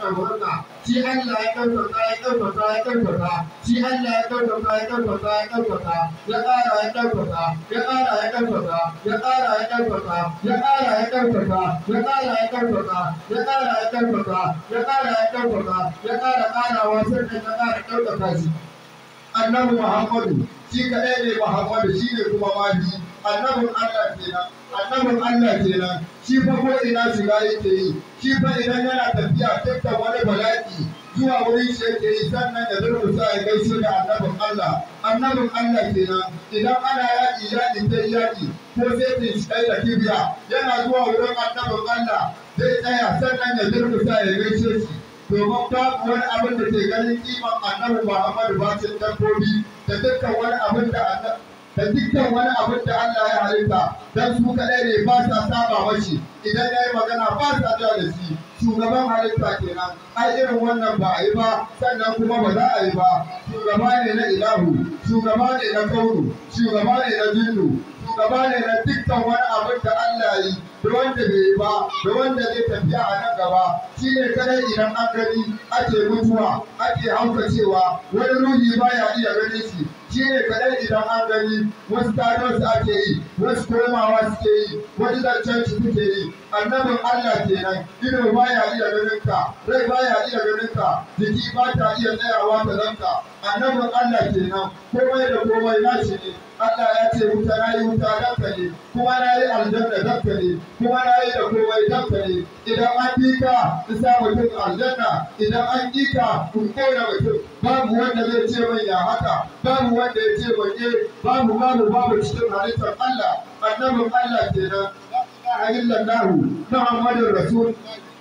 albarka Allah ya ɗaukaka ya ɗaukaka ya Allah ya ɗaukaka ya ɗaukaka ya ɗaukaka ya ƙara ya ɗaukaka ya ƙara ya ɗaukaka ya ƙara ya ɗaukaka ya ƙara ya ya ƙara ya ya ƙara ya ya ƙara ya ya ƙara ya ƙara annabi muhammadu shi kaɗai ne muhammadu shi ne kuma mahdi annabin allah kenan annabin allah kenan shi fa ko ina shiga yake yi shi fa idan yana tafiya tatta wani bala'i zuwa wurin shi yake yi sannan ya sa ya gaishe da annabin allah annabin allah kenan idan ana yaƙi yaƙi ta yaƙi ko sai ta da kibiya yana zuwa wurin annabin allah zai tsaya sannan ya sa ya gaishe shi domin babu wani abin da ke ganin kiman annabi Muhammadu bacin dabbobi da dukkan wani abin da da dukkan wani abin da Allah ya halitta dan su kaɗai ne ba sa saba mashi idan yayi yi magana ba sa ja da shi shugaban halitta kenan ai irin wannan ba a yi ba sannan kuma ba za a yi ba shugaba ne na ilahu shugaba ne na kauru shugaba ne na jinnu gaba ne na dukkan wani abin da Allah yi da wanda bai yi ba da wanda zai tafiya a nan gaba shi ne kadai idan an gani ake mutuwa ake haukacewa wani ruhi baya iya ganin shi shi ne kaɗai idan an gani wasu tados ake yi wasu komawa suke yi wasu zancen canci suke yi annabin Allah kenan ido ba ya iya ganin ka rai ya iya ganin ka jiki ba ta iya tsayawa ta ka annabin Allah kenan komai da komai shi ne Allah ya ce wuta na yi wuta danka ne kuma na yi aljanna danka ne kuma na yi da komai danka ne idan an bi ka in sa mutum aljanna idan an ƙi ka kun ƙona mutum babu wanda zai ce mai ya haka babu wanda ya ce waje babu babu babu cikin halittar Allah annabin Allah kenan la na illallah muhammadur rasulullah